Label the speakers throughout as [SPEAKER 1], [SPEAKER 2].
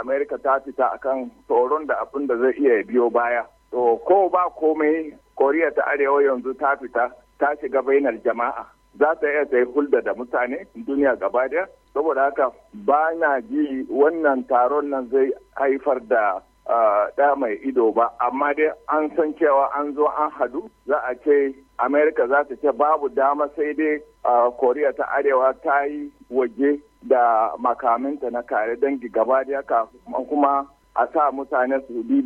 [SPEAKER 1] amerika ta fita a kan tsoron da abin da zai iya biyo baya to ko ba komai koriya ta arewa yanzu ta fita ta shiga bainar jama'a za ta iya ta yi hulda da mutane duniya gaba daya saboda haka ba na ji wannan taron nan zai haifar da ɗa mai ido ba amma dai an san cewa an zo an hadu za a ce amerika za ta ce babu dama sai dai koriya ta arewa ta yi waje da makamanta na kare dangi gaba da kuma a sa mutane su bi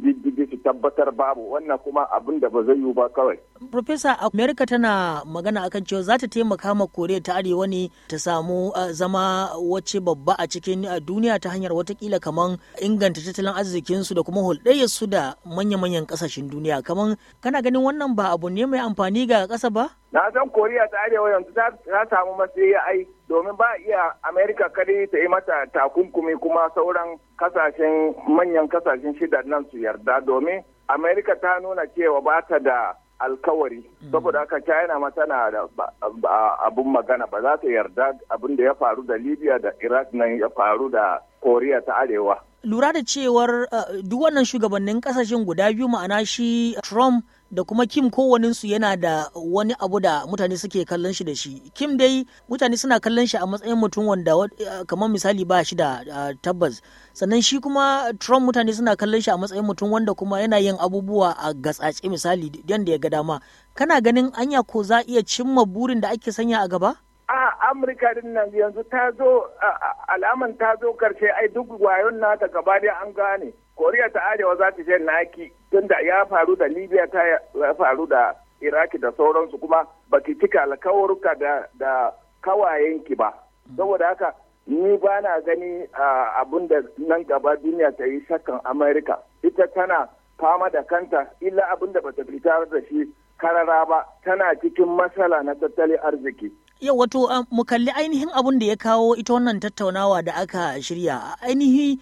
[SPEAKER 1] su tabbatar babu wannan kuma abin da ba zai yiwu ba kawai.
[SPEAKER 2] Profesa Amerika tana magana akan cewa za ta taimaka ma Koriya ta Arewa ne ta samu uh, zama wacce babba a cikin uh, duniya ta hanyar watakila kaman inganta tattalin arzikinsu da kuma hulɗayyarsu da manya-manyan ƙasashen duniya kaman kana ganin wannan ba abu ne mai amfani ga ƙasa ba?
[SPEAKER 1] na san koriya ta arewa yanzu ta samu matsayi ai domin ba iya amerika kadai ta yi mata takunkumi kuma sauran kasashen manyan kasashen shida nan su yarda domin amerika ta nuna cewa ba ta da alkawari mm. saboda haka china ma tana da abun magana ba za ta yarda abin da ya faru da libya da iraq nan ya faru da koriya ta arewa
[SPEAKER 2] lura da cewar uh, duk wannan shugabannin kasashen guda biyu ma'ana shi Trump da kuma Kim kowaninsu yana da wani abu da mutane suke kallon shi da shi. Kim dai mutane suna kallon shi a matsayin mutum wanda uh, kamar misali ba shi da uh, tabbas. Sannan shi kuma Trump mutane suna kallon shi a matsayin mutum wanda kuma yana yin abubuwa a gatsace misali yadda ya ga dama. Kana ganin anya ko za iya cimma burin da ake sanya a gaba?
[SPEAKER 1] amurka din nan yanzu ta zo alaman ta zo karshe ai duk wayon nata gaba da an gane koriya ta arewa za ta je naki tunda ya faru da libya ta ya faru da iraki da sauransu kuma baki cika alkawarka da da kawayenki ba saboda haka ni ba na gani abun da nan gaba duniya ta yi shakkan amurka ita tana fama da kanta illa abun da bata fitar da shi karara ba tana cikin matsala na tattalin arziki
[SPEAKER 2] yau wato um, mu kalli ainihin abun da ya kawo ita wannan tattaunawa da aka shirya a ainihi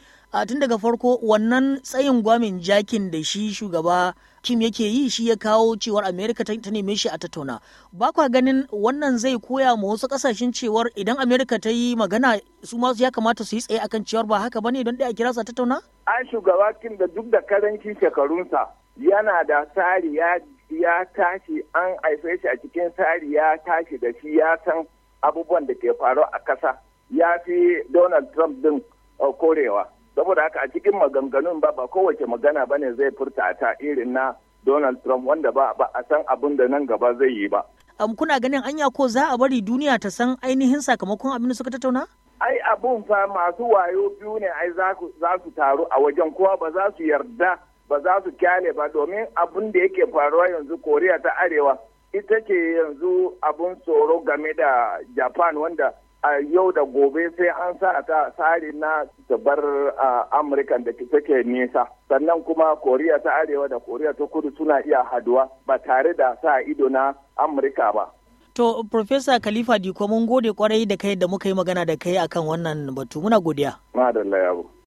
[SPEAKER 2] tun daga farko wannan tsayin gwamin jakin da shi shugaba kim yake yi shi ya kawo cewar amerika ta neme shi a tattauna ba kwa ganin wannan zai koya ma wasu kasashen cewar idan amerika ta yi magana su ma ya kamata su yi tsaye akan cewar ba haka bane don ɗaya a kira su a tattauna
[SPEAKER 1] an shugaba kim da duk da karancin shekarunsa yana da tsari ya ya tashi an haife shi a cikin tsari ya tashi da shi ya san abubuwan da ke faru a kasa ya fi donald trump din uh, korewa saboda haka a cikin maganganun ba ba kowace magana bane zai furta ta irin na donald trump wanda ba a san abin da nan gaba zai yi ba
[SPEAKER 2] um, kuna ganin anya ko za a bari duniya ta san ainihin sakamakon abin da suka tattauna ai abun fa masu wayo biyu ne ai za
[SPEAKER 1] su taru a wajen kowa ba za su yarda ba za su kyale ba domin abin da yake faruwa yanzu koriya ta arewa ita ke yanzu abin tsoro game da japan wanda a yau da gobe sai an sa ta tsari na bar amurka da take nesa sannan kuma koriya ta arewa da koriya ta kudu suna iya haduwa ba tare da sa ido na amurka ba
[SPEAKER 2] To, Profesa Khalifa Diko, mun gode kwarai da kai da muka yi magana da kai akan wannan batu. Muna godiya.
[SPEAKER 1] Madalla